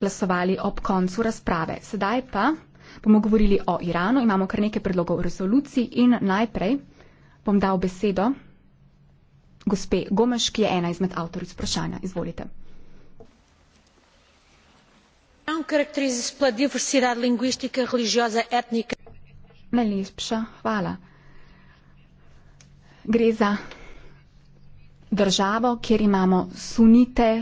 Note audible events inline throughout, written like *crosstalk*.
glasovali ob koncu razprave. Sedaj pa bomo govorili o Iranu. Imamo kar nekaj predlogov resolucij in najprej bom dal besedo gospe Gomeš, ki je ena izmed avtoric vprašanja. Izvolite. Najlepša, hvala. Gre za državo, kjer imamo sunite,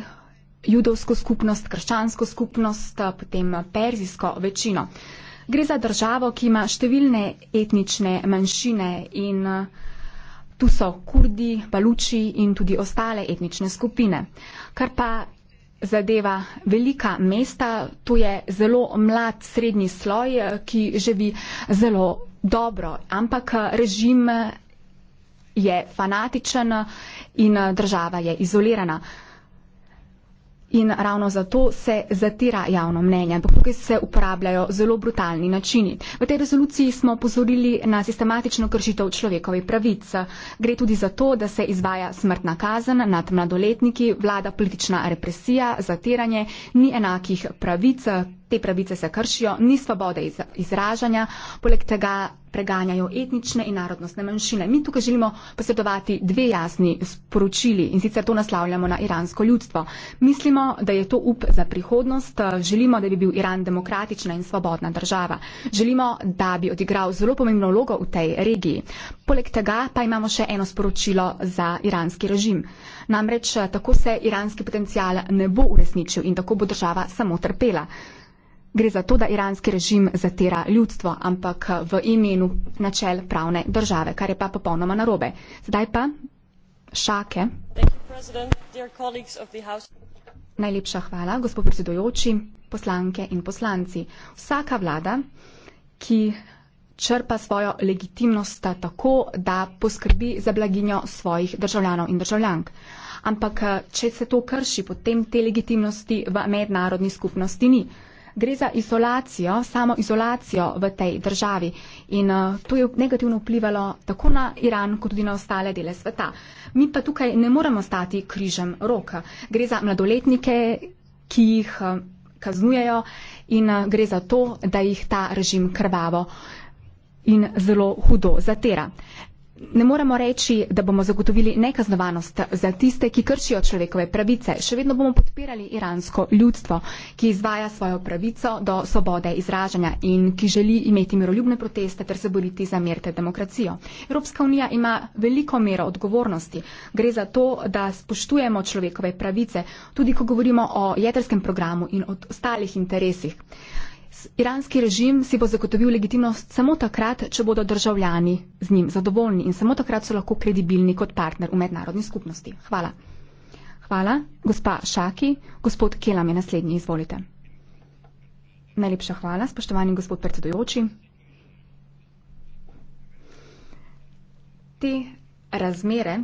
judovsko skupnost, krščansko skupnost, eh, potem perzijsko večino. Gre za državo, ki ima številne etnične manjšine in eh, tu so kurdi, baluči in tudi ostale etnične skupine. Kar pa zadeva velika mesta, to je zelo mlad srednji sloj, eh, ki živi zelo dobro, ampak režim je fanatičen in država je izolirana in ravno zato se zatira javno mnenje. Ampak tukaj se uporabljajo zelo brutalni načini. V tej rezoluciji smo pozorili na sistematično kršitev človekove pravice. Gre tudi za to, da se izvaja smrtna kazen nad mladoletniki, vlada politična represija, zatiranje, ni enakih pravic, te pravice se kršijo, ni svobode iz, izražanja, poleg tega preganjajo etnične in narodnostne manjšine. Mi tukaj želimo posredovati dve jasni sporočili in sicer to naslavljamo na iransko ljudstvo. Mislimo, da je to up za prihodnost, želimo, da bi bil Iran demokratična in svobodna država. Želimo, da bi odigral zelo pomembno vlogo v tej regiji. Poleg tega pa imamo še eno sporočilo za iranski režim. Namreč tako se iranski potencial ne bo uresničil in tako bo država samo trpela gre za to, da iranski režim zatira ljudstvo, ampak eh, v imenu načel pravne države, kar je pa popolnoma narobe. Zdaj pa šake. Najlepša hvala, gospod predsedujoči, poslanke in poslanci. Vsaka vlada, ki črpa svojo legitimnost tako, da poskrbi za blaginjo svojih državljanov in državljank. Ampak, eh, če se to krši, potem te legitimnosti v mednarodni skupnosti ni gre za izolacijo, samo izolacijo v tej državi. In uh, to je negativno vplivalo tako na Iran, kot tudi na ostale dele sveta. Mi pa tukaj ne moremo stati križem roka. Gre za mladoletnike, ki jih uh, kaznujejo in uh, gre za to, da jih ta režim krvavo. In zelo hudo zatera. Ne moremo reči, da bomo zagotovili nekaznovanost za tiste, ki kršijo človekove pravice. Še vedno bomo podpirali iransko ljudstvo, ki izvaja svojo pravico do svobode izražanja in ki želi imeti miroljubne proteste ter se boriti za mir ter demokracijo. Evropska unija ima veliko mero odgovornosti. Gre za to, da spoštujemo človekove pravice, tudi ko govorimo o jedrskem programu in o ostalih interesih. Iranski režim si bo zagotovil legitimnost samo takrat, če bodo državljani z njim zadovoljni in samo takrat so lahko kredibilni kot partner v mednarodni skupnosti. Hvala. Hvala, gospa Šaki. Gospod Kelam je naslednji, izvolite. Najlepša hvala, spoštovani gospod predsedujoči. Te razmere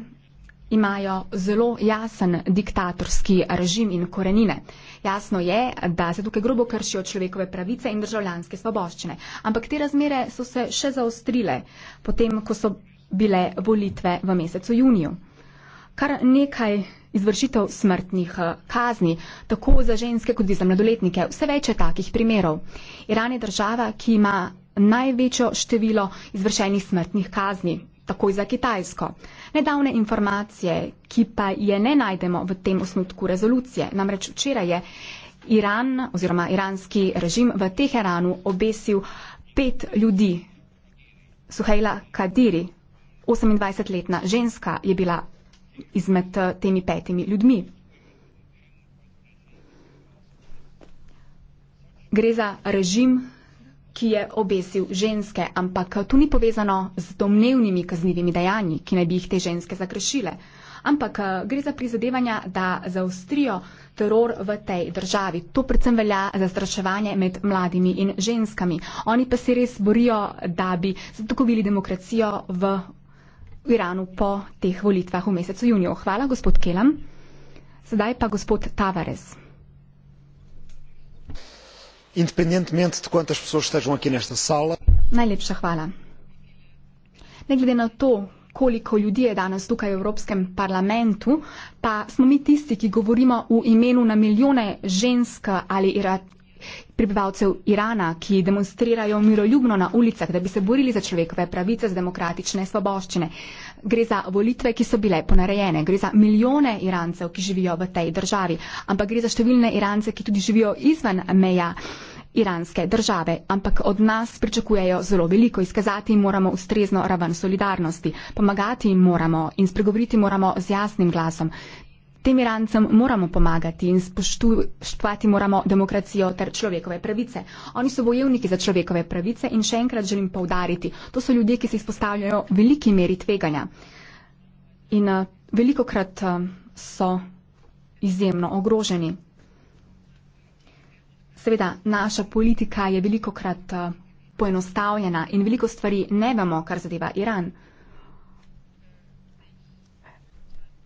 imajo zelo jasen diktatorski režim in korenine. Jasno je, da se tukaj grobo kršijo človekove pravice in državljanske svoboščine. Ampak te razmere so se še zaostrile, potem, ko so bile volitve v mesecu juniju. Kar nekaj izvršitev smrtnih eh, kazni, tako za ženske kot tudi za mladoletnike, vse več je takih primerov. Iran je država, ki ima največjo število izvršenih smrtnih kazni takoj za Kitajsko. Nedavne informacije, ki pa je ne najdemo v tem osnutku rezolucije, namreč včeraj je Iran oziroma iranski režim v Teheranu obesil pet ljudi. Suhejla Kadiri, 28-letna ženska, je bila izmed eh, temi petimi ljudmi. Gre za režim, ki je obesil ženske, ampak to ni povezano z domnevnimi kaznivimi dejanji, ki naj bi jih te ženske zakrešile. Ampak eh, gre za prizadevanja, da zaustrijo teror v tej državi. To predvsem velja za straševanje med mladimi in ženskami. Oni pa se res borijo, da bi zagotovili demokracijo v Iranu po teh volitvah v mesecu juniju. Hvala, gospod Kelam. Sedaj pa gospod Tavares independentemente de quantas pessoas estejam aqui nesta sala. Najlepša hvala. Ne glede na to, koliko ljudi je danes tukaj v Evropskem parlamentu, pa smo mi tisti, ki govorimo v imenu na milijone žensk ali prebivalcev Irana, ki demonstrirajo miroljubno na ulicah, da bi se borili za človekove pravice, za demokratične svoboščine. Gre za volitve, ki so bile ponarejene, gre za milijone Irancev, ki živijo v tej državi, ampak gre za številne Irance, ki tudi živijo izven meja iranske države, ampak od nas pričakujejo zelo veliko. Izkazati moramo ustrezno raven solidarnosti, pomagati jim moramo in spregovoriti moramo z jasnim glasom. Tem Irancem moramo pomagati in spoštovati moramo demokracijo ter človekove pravice. Oni so bojevniki za človekove pravice in še enkrat želim povdariti, to so ljudje, ki se izpostavljajo veliki meri tveganja. In uh, eh, veliko krat uh, eh, so izjemno ogroženi. Seveda, naša politika je veliko krat uh, eh, poenostavljena in veliko stvari ne vemo, kar zadeva Iran.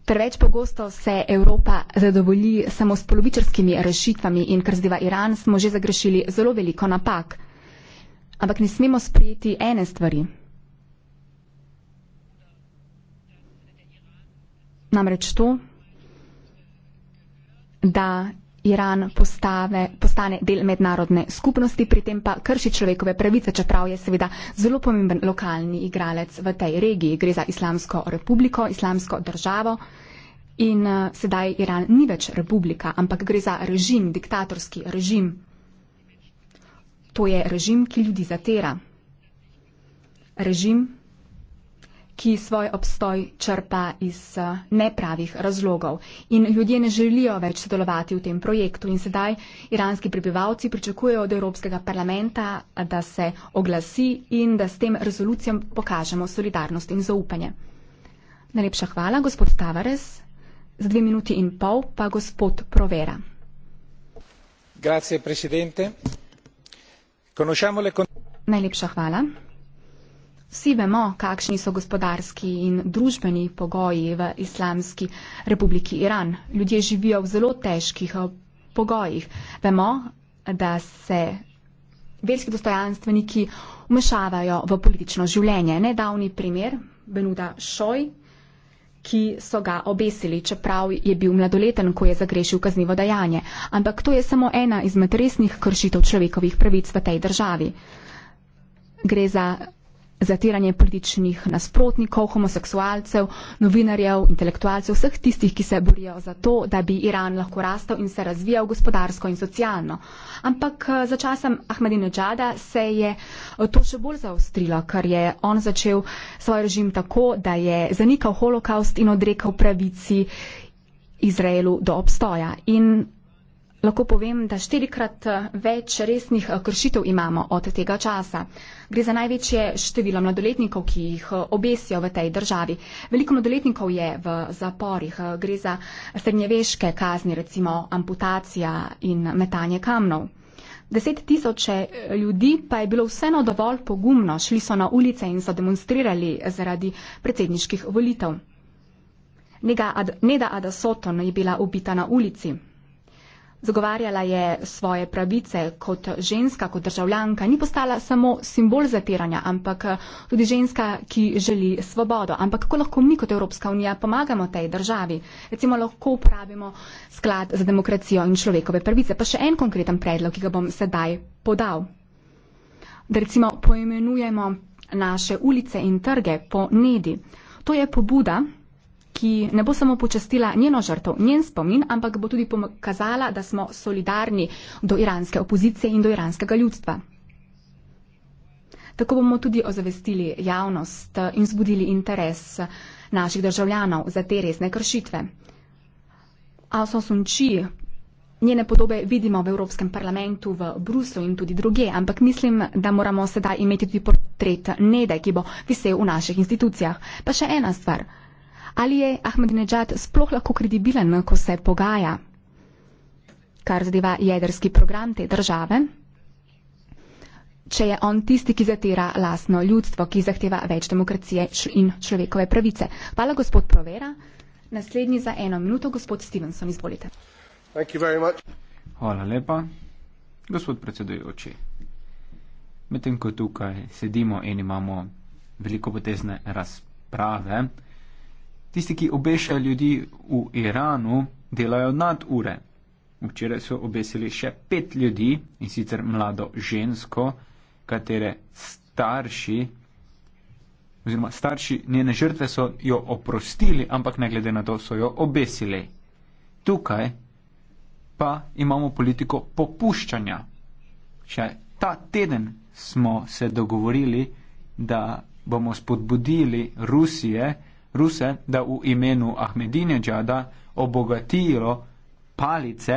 Preveč pogosto se Evropa zadovolji samo s polovičarskimi rešitvami in ker zdiva Iran, smo že zagrešili zelo veliko napak. Ampak ne smemo sprejeti ene stvari. Namreč to, da Iran postave, postane del mednarodne skupnosti, pri tem pa krši človekove pravice, čeprav je seveda zelo pomemben lokalni igralec v tej regiji. Gre za Islamsko republiko, Islamsko državo. In uh, sedaj Iran ni več republika, ampak gre za režim, diktatorski režim. To je režim, ki ljudi zatera. Režim, ki svoj obstoj črpa iz eh, nepravih razlogov. In ljudje ne želijo več sodelovati v tem projektu. In sedaj iranski prebivalci pričakujejo od Evropskega parlamenta, da se oglasi in da s tem rezolucijam pokažemo solidarnost in zaupanje. Najlepša hvala, gospod Tavares. Za dve minuti in pol pa gospod Provera. Najlepša hvala. Vsi vemo, kakšni so gospodarski in družbeni pogoji v Islamski republiki Iran. Ljudje živijo v zelo težkih eh, pogojih. Vemo, da se verski dostojanstveniki vmešavajo v politično življenje. Nedavni primer Benuda Šoj, ki so ga obesili, čeprav je bil mladoleten, ko je zagrešil kaznivo dajanje. Ampak to je samo ena izmed resnih kršitev človekovih pravic v tej državi. Gre za zatiranje političnih nasprotnikov, homoseksualcev, novinarjev, intelektualcev, vseh tistih, ki se borijo za to, da bi Iran lahko rastel in se razvijal gospodarsko in socialno. Ampak eh, za časom Ahmadinejada se je eh, to še bolj zaostrilo, ker je on začel svoj režim tako, da je zanikal holokaust in odrekal pravici Izraelu do obstoja. In Lahko povem, da štirikrat eh, več resnih eh, kršitev imamo od tega časa. Gre za največje število mladoletnikov, ki jih eh, obesijo v tej državi. Veliko mladoletnikov je v zaporih. Gre za srednjeveške kazni, recimo amputacija in metanje kamnov. Deset tisoče ljudi pa je bilo vseeno dovolj pogumno, šli so na ulice in so demonstrirali zaradi predsedniških volitev. Neda Adasoton je bila ubita na ulici. Zagovarjala je svoje pravice kot ženska, kot državljanka, ni postala samo simbol zatiranja, ampak eh, tudi ženska, ki želi svobodo. Ampak kako lahko mi kot Evropska unija pomagamo tej državi? Recimo lahko upravimo sklad za demokracijo in človekove pravice. Pa še en konkreten predlog, ki ga bom sedaj podal. Da recimo poimenujemo naše ulice in trge po Nedi. To je pobuda ki ne bo samo počastila njeno žrtev, njen spomin, ampak bo tudi pokazala, da smo solidarni do iranske opozicije in do iranskega ljudstva. Tako bomo tudi ozavestili javnost eh, in zbudili interes eh, naših državljanov za te resne kršitve. Aso Sunči, njene podobe vidimo v Evropskem parlamentu, v Bruslu in tudi druge, ampak mislim, da moramo sedaj imeti tudi portret Nede, ki bo visel v naših institucijah. Pa še ena stvar ali je Ahmadinejad sploh lahko kredibilen, ko se pogaja, kar zadeva jedrski program te države, če je on tisti, ki zatira lasno ljudstvo, ki zahteva več demokracije in človekove pravice. Hvala, gospod Provera. Naslednji za eno minuto, gospod Stevenson, izvolite. Hvala lepa, gospod predsedujoči. Medtem ko tukaj sedimo in imamo veliko potezne razprave, Tisti, ki obešajo ljudi v Iranu, delajo nad ure. Včeraj so obesili še pet ljudi in sicer mlado žensko, katere starši oziroma starši njene žrtve so jo oprostili, ampak ne glede na to so jo obesili. Tukaj pa imamo politiko popuščanja. Še ta teden smo se dogovorili, da bomo spodbudili Rusije, Ruse, da v imenu Ahmedine Džada obogatijo palice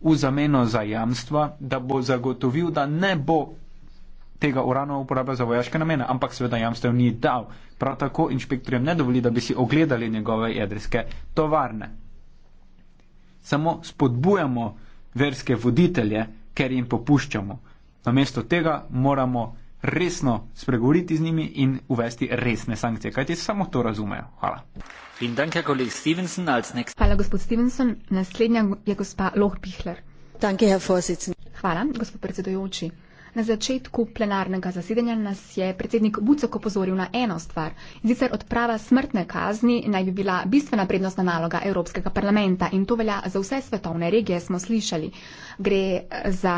v zameno za jamstva, da bo zagotovil, da ne bo tega urana uporabljal za vojaške namene, ampak seveda jamstev ni dal. Prav tako inšpektorjem ne dovoli, da bi si ogledali njegove jedrske tovarne. Samo spodbujamo verske voditelje, ker jim popuščamo. Namesto tega moramo resno spregovoriti z njimi in uvesti resne sankcije, kajti samo to razumejo. Hvala. Danke, Stevenson, Hvala, gospod Stevenson. Naslednja je gospa Lohpihler. Hvala, gospod predsedujoči. Na začetku plenarnega zasedanja nas je predsednik Bucok opozoril na eno stvar. Zicer odprava smrtne kazni naj bi bila bistvena prednostna naloga Evropskega parlamenta in to velja za vse svetovne regije, smo slišali. Gre za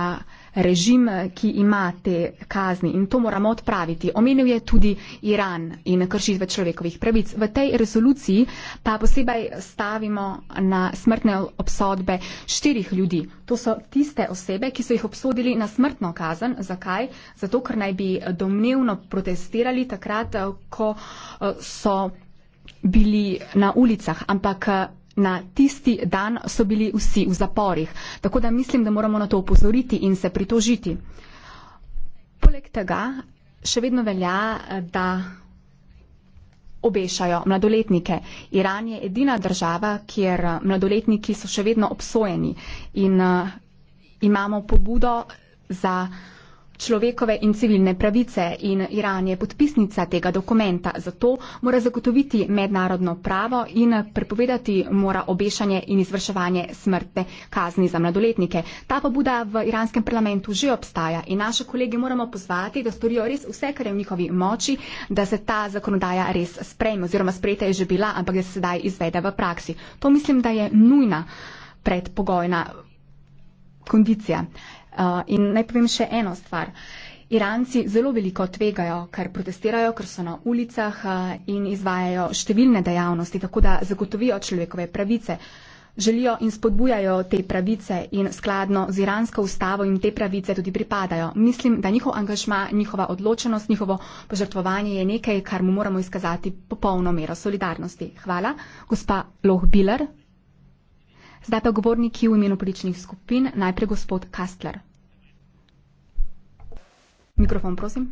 režim, ki ima te kazni in to moramo odpraviti. Omenil je tudi Iran in kršitve človekovih pravic. V tej rezoluciji pa posebej stavimo na smrtne obsodbe štirih ljudi. To so tiste osebe, ki so jih obsodili na smrtno kazen. Zakaj? Zato, ker naj bi domnevno protestirali takrat, ko so bili na ulicah. Ampak na tisti dan so bili vsi v zaporih. Tako da mislim, da moramo na to upozoriti in se pritožiti. Poleg tega še vedno velja, da obešajo mladoletnike. Iran je edina država, kjer eh, mladoletniki so še vedno obsojeni in eh, imamo pobudo za človekove in civilne pravice in Iran je podpisnica tega dokumenta. Zato mora zagotoviti mednarodno pravo in prepovedati mora obešanje in izvrševanje smrtne kazni za mladoletnike. Ta pobuda v iranskem parlamentu že obstaja in naše kolege moramo pozvati, da storijo res vse, kar je v njihovi moči, da se ta zakonodaja res sprejme oziroma sprejeta je že bila, ampak da se sedaj izvede v praksi. To mislim, da je nujna predpogojna kondicija in naj povem še eno stvar. Iranci zelo veliko tvegajo, ker protestirajo, ker so na ulicah in izvajajo številne dejavnosti, tako da zagotovijo človekove pravice. Želijo in spodbujajo te pravice in skladno z iransko ustavo jim te pravice tudi pripadajo. Mislim, da njihov angažma, njihova odločenost, njihovo požrtvovanje je nekaj, kar mu moramo izkazati popolno mero solidarnosti. Hvala. Gospa Loh Biller, Zdaj pa govorniki v imenu političnih skupin, najprej gospod Kastler. Mikrofon, prosim.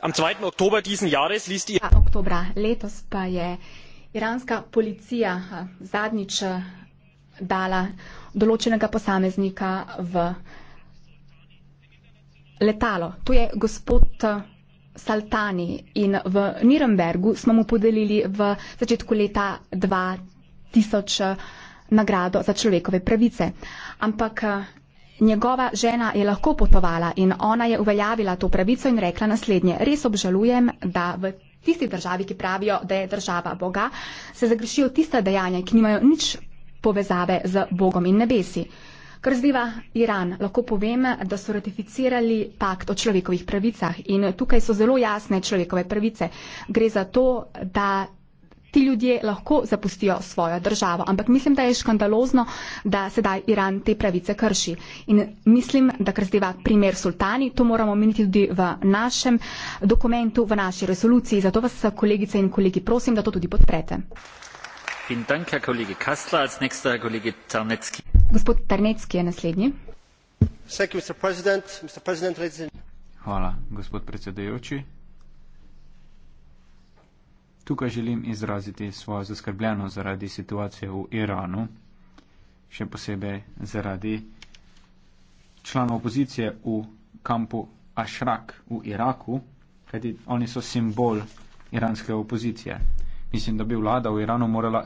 Am 2. oktober diesen Jahres ließ die... Ja, oktobra letos pa je iranska policija zadnjič eh, dala določenega posameznika v letalo. To je gospod eh, Saltani in v Nirembergu smo mu podelili v začetku leta 2000 nagrado za človekove pravice. Ampak eh, njegova žena je lahko potovala in ona je uveljavila to pravico in rekla naslednje. Res obžalujem, da v tistih državi, ki pravijo, da je država Boga, se zagrešijo tiste dejanja, ki nimajo nič povezave z Bogom in nebesi. Kar zdiva Iran, lahko povem, da so ratificirali pakt o človekovih pravicah in tukaj so zelo jasne človekove pravice. Gre za to, da ti ljudje lahko zapustijo svojo državo. Ampak mislim, da je škandalozno, da sedaj Iran te pravice krši. In mislim, da kar zdaj primer sultani, to moramo omeniti tudi v našem dokumentu, v naši resoluciji. Zato vas, kolegice in kolegi, prosim, da to tudi podprete. Gospod Tarnecki je naslednji. Hvala, gospod predsedujoči. Tukaj želim izraziti svojo zaskrbljenost zaradi situacije v Iranu, še posebej zaradi članov opozicije v kampu Ašrak v Iraku, kajti oni so simbol iranske opozicije. Mislim, da bi vlada v Iranu morala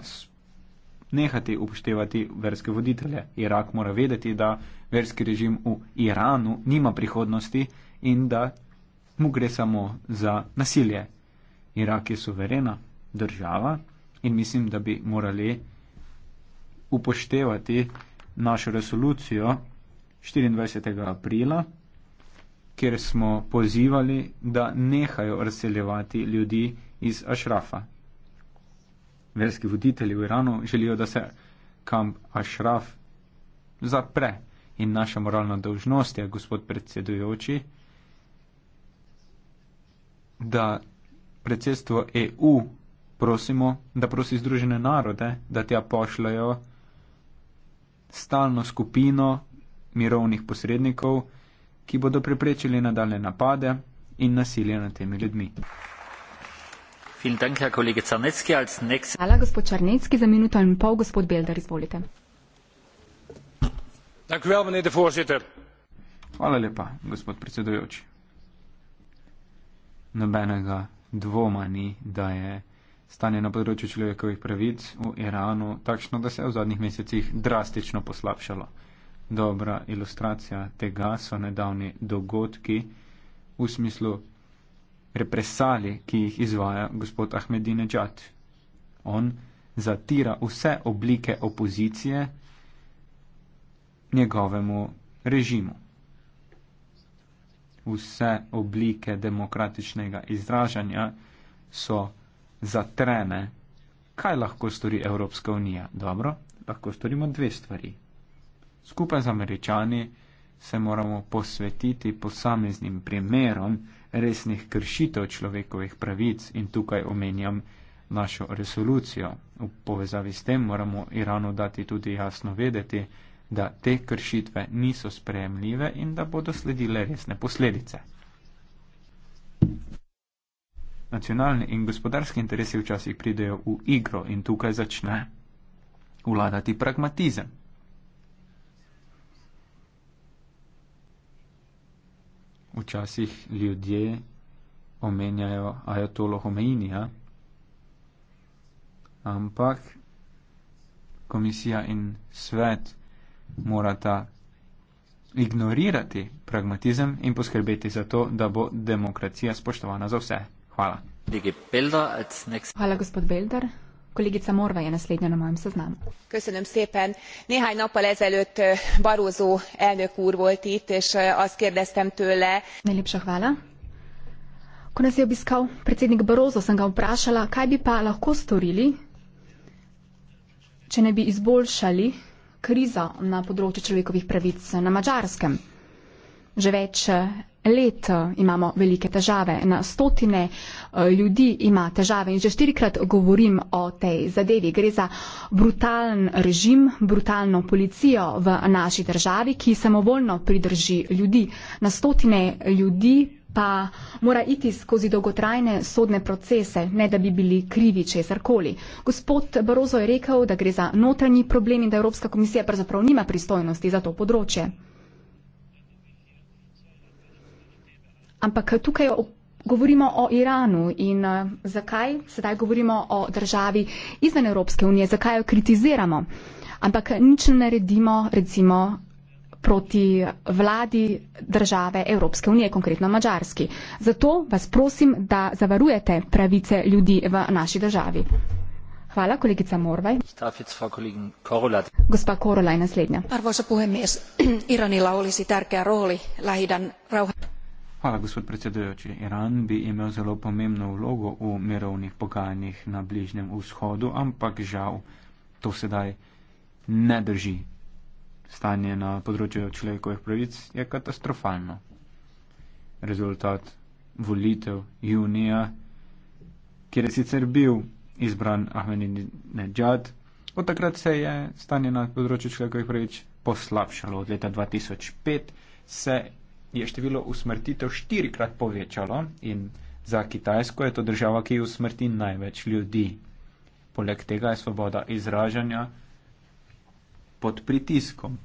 nehati upoštevati verske voditelje. Irak mora vedeti, da verski režim v Iranu nima prihodnosti in da mu gre samo za nasilje, Irak je suverena država in mislim, da bi morali upoštevati našo resolucijo 24. aprila, kjer smo pozivali, da nehajo razseljevati ljudi iz Ašrafa. Verski voditelji v Iranu želijo, da se kamp Ašraf zapre in naša moralna dolžnost je, gospod predsedujoči, da predsedstvo EU prosimo, da prosi Združene narode, da tja pošljajo stalno skupino mirovnih posrednikov, ki bodo preprečili nadaljne napade in nasilje nad temi ljudmi. Dank, Czarnecki, next... Hvala, gospod Črnecki, za minuto in pol, gospod Belder, izvolite. Wel, Hvala lepa, gospod predsedujoči. Nobenega dvoma ni, da je stanje na področju človekovih pravic v Iranu takšno, da se je v zadnjih mesecih drastično poslabšalo. Dobra ilustracija tega so nedavni dogodki v smislu represali, ki jih izvaja gospod Ahmedinejad. On zatira vse oblike opozicije njegovemu režimu vse oblike demokratičnega izražanja so zatrene. Kaj lahko stori Evropska unija? Dobro, lahko storimo dve stvari. Skupaj z američani se moramo posvetiti posameznim primerom resnih kršitev človekovih pravic in tukaj omenjam našo resolucijo. V povezavi s tem moramo Iranu dati tudi jasno vedeti, da te kršitve niso sprejemljive in da bodo sledile resne posledice. Nacionalni in gospodarski interesi včasih pridejo v igro in tukaj začne vladati pragmatizem. Včasih ljudje omenjajo ajatolo homeinija, ampak komisija in svet morata ignorirati pragmatizem in poskrbeti za to, da bo demokracija spoštovana za vse. Hvala. Hvala, gospod Belder. Kolegica Morva je naslednja na mojem seznamu. Köszönöm szépen. Néhány nappal ezelőtt eh, Barózó elnök úr volt itt, és eh, azt kérdeztem tőle. Najlepša hvala. Ko nas je obiskal predsednik Barózo, sem ga vprašala, kaj bi pa lahko storili, če ne bi izboljšali kriza na področju človekovih pravic na Mačarskem. Že več eh, let eh, imamo velike težave, na stotine eh, ljudi ima težave in že štirikrat govorim o tej zadevi. Gre za brutalen režim, brutalno policijo v naši državi, ki samovoljno pridrži ljudi. Na stotine ljudi pa mora iti skozi dolgotrajne sodne procese, ne da bi bili krivi česarkoli. Gospod Barozo je rekel, da gre za notranji problem in da Evropska komisija pravzaprav nima pristojnosti za to področje. Ampak tukaj govorimo o Iranu in eh, zakaj sedaj govorimo o državi izven Evropske unije, zakaj jo kritiziramo. Ampak nič ne naredimo, recimo, proti vladi države Evropske unije, konkretno Mačarski. Zato vas prosim, da zavarujete pravice ljudi v naši državi. Hvala, kolegica Morvaj. Gospa Korola je naslednja. *clears throat* Hvala, gospod predsedujoči. Iran bi imel zelo pomembno vlogo v mirovnih pogajanjih na Bližnjem vzhodu, ampak žal to sedaj ne drži stanje na področju človekovih pravic je katastrofalno. Rezultat volitev junija, kjer je sicer bil izbran Ahmedinejad, od takrat se je stanje na področju človekovih pravic poslabšalo. Od leta 2005 se je število usmrtitev štirikrat povečalo in za Kitajsko je to država, ki usmrti največ ljudi. Poleg tega je svoboda izražanja pod pritiskom.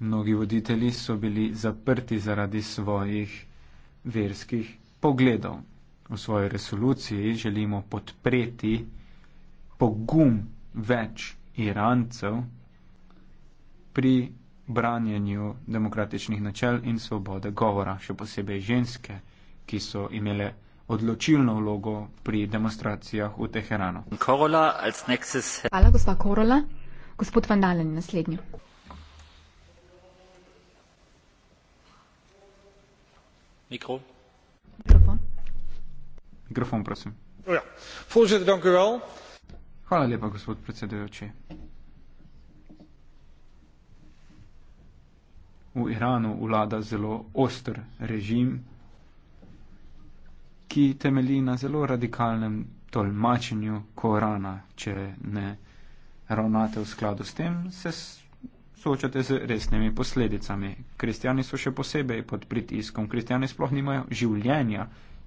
Mnogi voditelji so bili zaprti zaradi svojih verskih pogledov. V svoji resoluciji želimo podpreti pogum več Irancev pri branjenju demokratičnih načel in svobode govora, še posebej ženske, ki so imele odločilno vlogo pri demonstracijah v Teheranu. Korola, Hvala, gospa Korola. Gospod Vandalen, naslednji. Mikro. Mikrofon. Mikrofon, prosim. Oh ja. Voorzitter, dank u wel. Hvala lepa, gospod predsedujoči. V Iranu vlada zelo oster režim, ki temelji na zelo radikalnem tolmačenju Korana, če ne ravnate v skladu s tem, se soočate z resnimi posledicami. Kristijani so še posebej pod pritiskom. Kristijani sploh nimajo življenja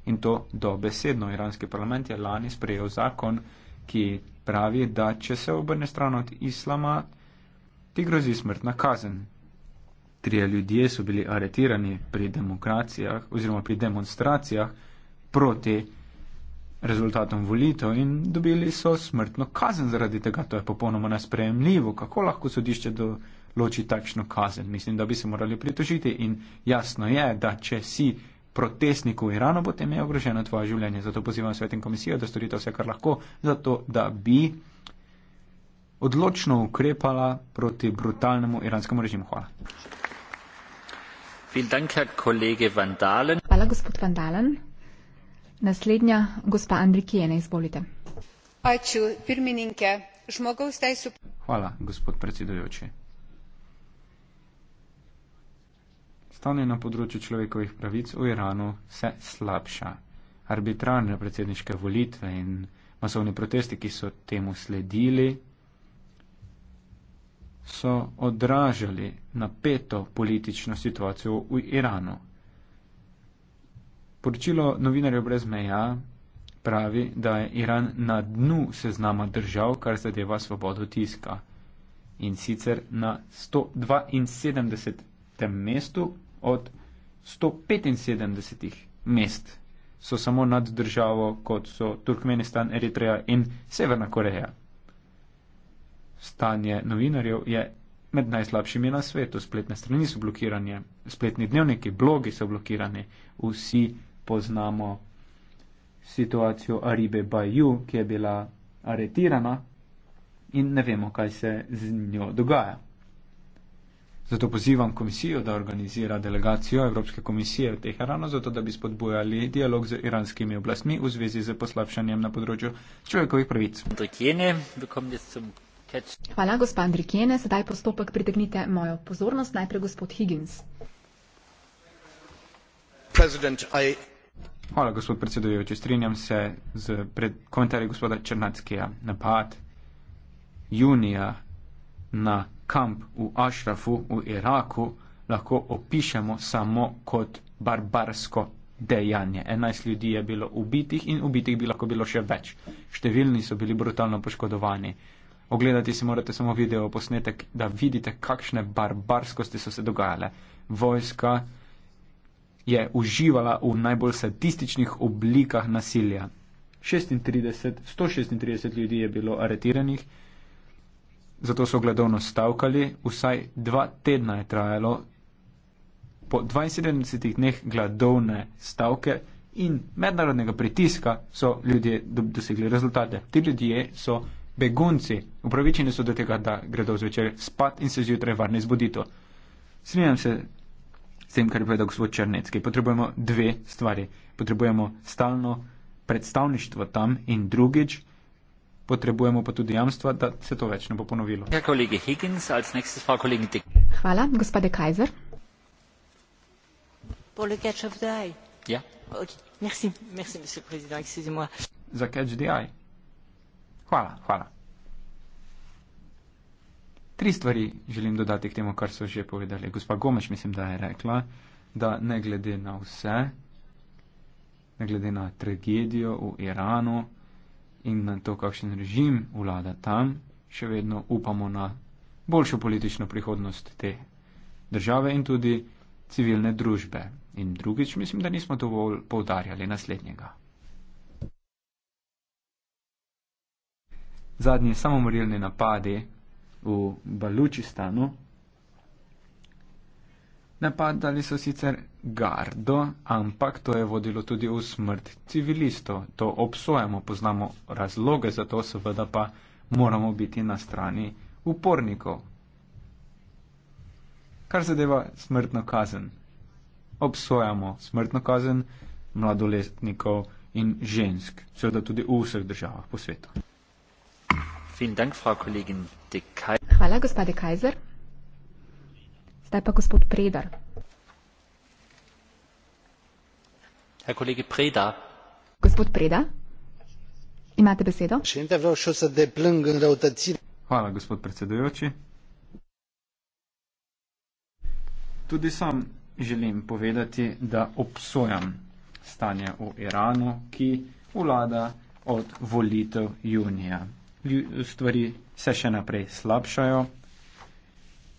in to dobesedno. Iranski parlament je lani sprejel zakon, ki pravi, da če se obrne stran od islama, ti grozi smrtna kazen. Trije ljudje so bili aretirani pri demokracijah oziroma pri demonstracijah proti rezultatom volitev in dobili so smrtno kazen zaradi tega. To je popolnoma nesprejemljivo. Kako lahko sodišče določi takšno kazen? Mislim, da bi se morali pritožiti in jasno je, da če si protestnik v Iranu, potem je ogroženo tvoje življenje. Zato pozivam svet in komisijo, da storite vse, kar lahko, zato da bi odločno ukrepala proti brutalnemu iranskemu režimu. Hvala. Hvala, gospod Vandalen. Naslednja, gospa Andrikijene, izvolite. Ačiū, pirmininkė, žmogaus teisų. Hvala, gospod predsedujoči. Stanje na področju človekovih pravic v Iranu se slabša. Arbitrarne predsedniške volitve in masovni protesti, ki so temu sledili, so odražali napeto politično situacijo v Iranu. Poročilo novinarjev brez meja pravi, da je Iran na dnu seznama držav, kar zadeva svobodo tiska. In sicer na 172. mestu od 175. mest so samo nad državo, kot so Turkmenistan, Eritreja in Severna Koreja. Stanje novinarjev je med najslabšimi na svetu. Spletne strani so blokirane, spletni dnevniki, blogi so blokirani, vsi poznamo situacijo Aribe Baju, ki je bila aretirana in ne vemo, kaj se z njo dogaja. Zato pozivam komisijo, da organizira delegacijo Evropske komisije v Teheranu, zato da bi spodbujali dialog z iranskimi oblastmi v zvezi z poslabšanjem na področju človekovih pravic. Hvala, gospod Andrikjene. Sedaj postopek pritegnite mojo pozornost. Najprej gospod Higgins. President, I... Hvala, gospod predsedujoči. Strinjam se z pred, komentarji gospoda Črnackija. Napad junija na kamp v Ašrafu v Iraku lahko opišemo samo kot barbarsko dejanje. 11 ljudi je bilo ubitih in ubitih bi lahko bilo še več. Številni so bili brutalno poškodovani. Ogledati si morate samo video posnetek, da vidite, kakšne barbarskosti so se dogajale. Vojska je uživala v najbolj statističnih oblikah nasilja. 36, 136 ljudi je bilo aretiranih, zato so gledovno stavkali, vsaj dva tedna je trajalo. Po 72 dneh gladovne stavke in mednarodnega pritiska so ljudje dosegli rezultate. Ti ljudje so begunci, upravičeni so do tega, da gredo zvečer spat in se zjutraj varno zbudito. Strinjam se s tem, kar je povedal gospod Črnecki. Potrebujemo dve stvari. Potrebujemo stalno predstavništvo tam in drugič. Potrebujemo pa tudi jamstva, da se to več ne bo ponovilo. Hvala, gospode Kajzer. Ja. Za catch the eye. Hvala, hvala tri stvari želim dodati k temu, kar so že povedali. Gospa Gomeš, mislim, da je rekla, da ne glede na vse, ne glede na tragedijo v Iranu in na to, kakšen režim vlada tam, še vedno upamo na boljšo politično prihodnost te države in tudi civilne družbe. In drugič, mislim, da nismo dovolj poudarjali naslednjega. Zadnji samomorilni napadi v Balučistanu. Napadali so sicer gardo, ampak to je vodilo tudi v smrt civilistov. To obsojamo, poznamo razloge za to, seveda pa moramo biti na strani upornikov. Kar zadeva smrtno kazen. Obsojamo smrtno kazen mladoletnikov in žensk, seveda tudi v vseh državah po svetu. Vielen Dank, Frau Kollegin De Kaj. Hvala, gospa De Kajzer. Zdaj pa gospod Predar. Preda. Gospod Preda, imate besedo? Hvala, gospod predsedujoči. Tudi sam želim povedati, da obsojam stanje v Iranu, ki vlada od volitev junija stvari se še naprej slabšajo.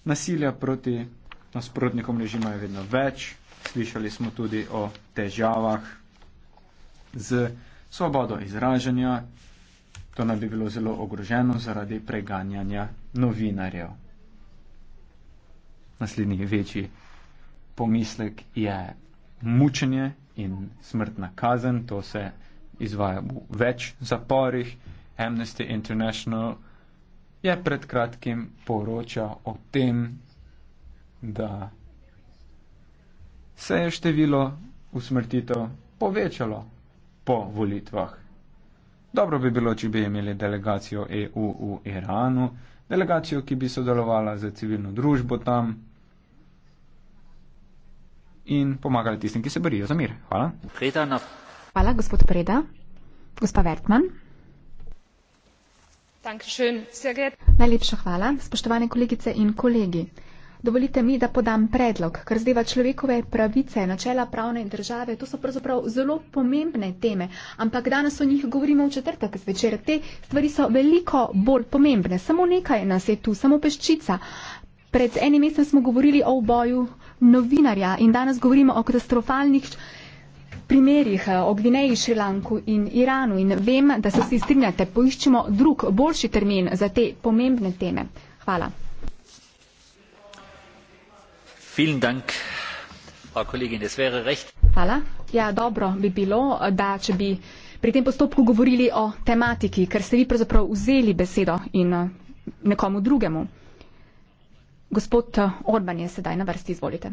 Nasilja proti nasprotnikom režima je vedno več. Slišali smo tudi o težavah z svobodo izražanja. To naj bi bilo zelo ogroženo zaradi preganjanja novinarjev. Naslednji večji pomislek je mučenje in smrtna kazen. To se izvaja v več zaporih. Amnesty International je pred kratkim poročal o tem, da se je število usmrtitev povečalo po volitvah. Dobro bi bilo, če bi imeli delegacijo EU v Iranu, delegacijo, ki bi sodelovala z civilno družbo tam in pomagali tistim, ki se borijo za mir. Hvala. Hvala, gospod Preda. Gospa Vertman. Najlepša hvala, spoštovane kolegice in kolegi. Dovolite mi, da podam predlog, kar zdeva človekove pravice, načela pravne države. To so pravzaprav zelo pomembne teme, ampak danes o njih govorimo v četrtek zvečer. Te stvari so veliko bolj pomembne. Samo nekaj nas je tu, samo peščica. Pred enim mesecem smo govorili o boju novinarja in danes govorimo o katastrofalnih primerih eh, o Gvineji, Šrilanku in Iranu in vem, da se vsi strinjate, poiščemo drug boljši termin za te pomembne teme. Hvala. Hvala. Ja, dobro bi bilo, da če bi pri tem postopku govorili o tematiki, ker ste vi pravzaprav vzeli besedo in eh, nekomu drugemu. Gospod eh, Orban je sedaj na vrsti, izvolite.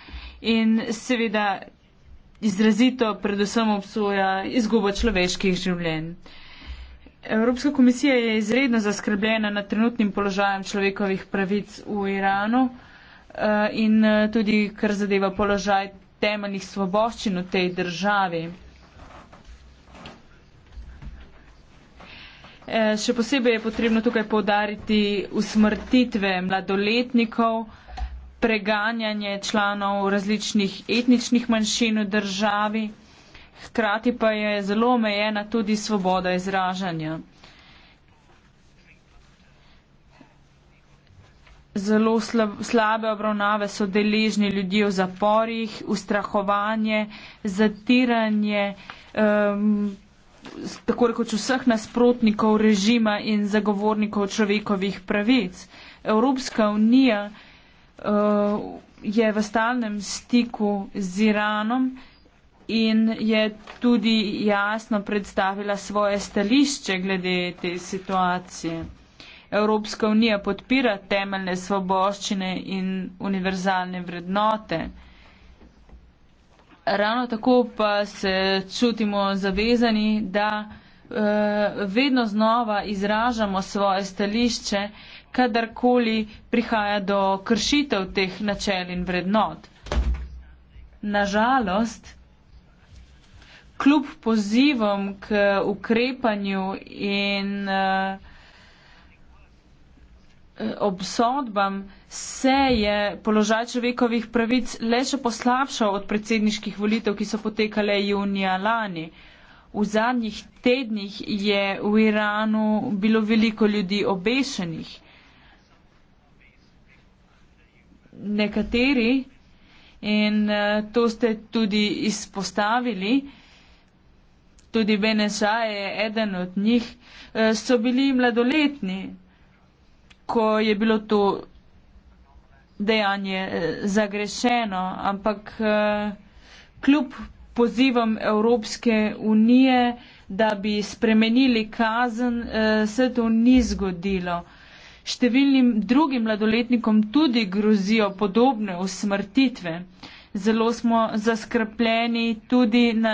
in seveda izrazito predvsem obsoja izgubo človeških življenj. Evropska komisija je izredno zaskrbljena nad trenutnim položajem človekovih pravic v Iranu eh, in eh, tudi kar zadeva položaj temeljnih svoboščin v tej državi. Eh, še posebej je potrebno tukaj povdariti usmrtitve mladoletnikov, preganjanje članov različnih etničnih manjšin v državi, hkrati pa je zelo omejena tudi svoboda izražanja. Zelo slab, slabe obravnave so deležni ljudi v zaporih, ustrahovanje, zatiranje, um, tako rekoč vseh nasprotnikov režima in zagovornikov človekovih pravic. Evropska unija uh, je v stalnem stiku z Iranom in je tudi jasno predstavila svoje stališče glede te situacije. Evropska unija podpira temeljne svoboščine in univerzalne vrednote. Ravno tako pa se čutimo zavezani, da uh, vedno znova izražamo svoje stališče uh, kadarkoli prihaja do kršitev teh načel in vrednot. Nažalost, kljub pozivom k ukrepanju in eh, obsodbam se je položaj človekovih pravic le še poslabšal od predsedniških volitev, ki so potekale junija lani. V zadnjih tednih je v Iranu bilo veliko ljudi obešenih. nekateri in uh, to ste tudi izpostavili. Tudi Beneša je eden od njih, uh, so bili mladoletni, ko je bilo to dejanje uh, zagrešeno, ampak uh, kljub pozivom Evropske unije, da bi spremenili kazen, uh, se to ni zgodilo. Uh, številnim drugim mladoletnikom tudi grozijo podobne usmrtitve. Zelo smo zaskrpljeni tudi na,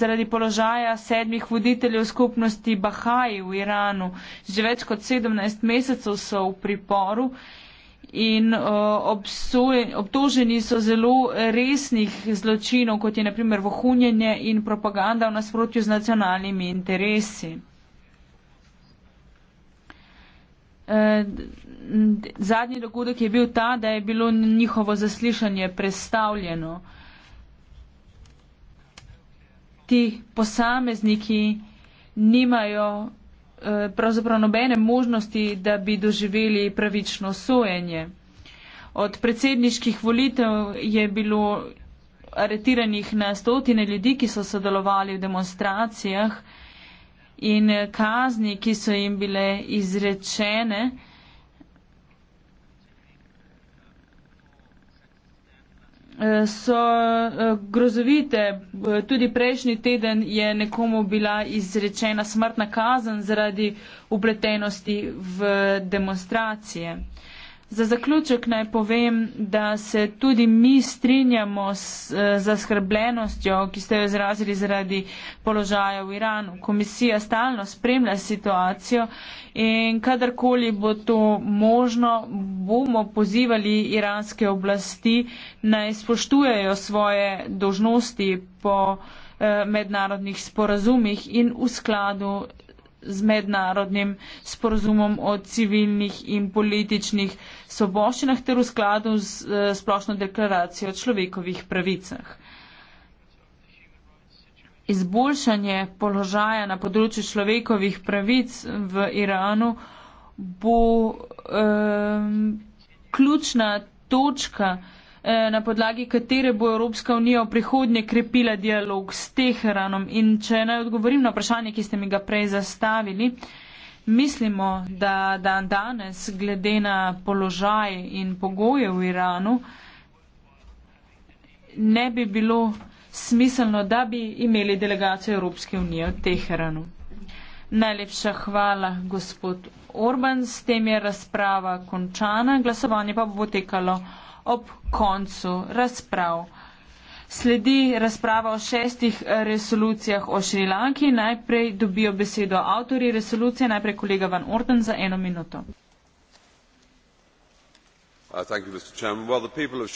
zaradi položaja sedmih voditeljev skupnosti Bahaji v Iranu. Že več kot 17 mesecev so v priporu in uh, obsoj, obtoženi so zelo resnih zločinov, kot je naprimer vohunjenje in propaganda v nasprotju z nacionalnimi interesi. Eh, zadnji dogodek je bil ta, da je bilo njihovo zaslišanje predstavljeno. Ti posamezniki nimajo eh, pravzaprav nobene možnosti, da bi doživeli pravično sojenje. Od predsedniških volitev je bilo aretiranih na stotine ljudi, ki so sodelovali v demonstracijah in eh, kazni, ki so jim bile izrečene. Eh, so eh, grozovite. Tudi prejšnji teden je nekomu bila izrečena smrtna kazen zaradi upletenosti v demonstracije. Za zaključek naj povem, da se tudi mi strinjamo eh, z zaskrbljenostjo, ki ste jo izrazili zaradi položaja v Iranu. Komisija stalno spremlja situacijo in kadarkoli bo to možno, bomo pozivali iranske oblasti naj spoštujejo svoje dožnosti po eh, mednarodnih sporazumih in v skladu z mednarodnim sporozumom o civilnih in političnih soboščinah ter v skladu z eh, splošno deklaracijo o človekovih pravicah. Izboljšanje položaja na področju človekovih pravic v Iranu bo um, ključna točka Eh, na podlagi katere bo Evropska unija v prihodnje krepila dialog s Teheranom. In če naj odgovorim na vprašanje, ki ste mi ga prej zastavili, mislimo, da dan danes, glede na položaj in pogoje v Iranu, ne bi bilo smiselno, da bi imeli delegacijo Evropske unije v Teheranu. Najlepša hvala, gospod Orban. S tem je razprava končana. Glasovanje pa bo potekalo ob koncu razprav. Sledi razprava o šestih resolucijah o Šrilanki. Najprej dobijo besedo avtori resolucije, najprej kolega Van Orden za eno minuto. Uh, thank you, Mr. Chairman. Well, the people of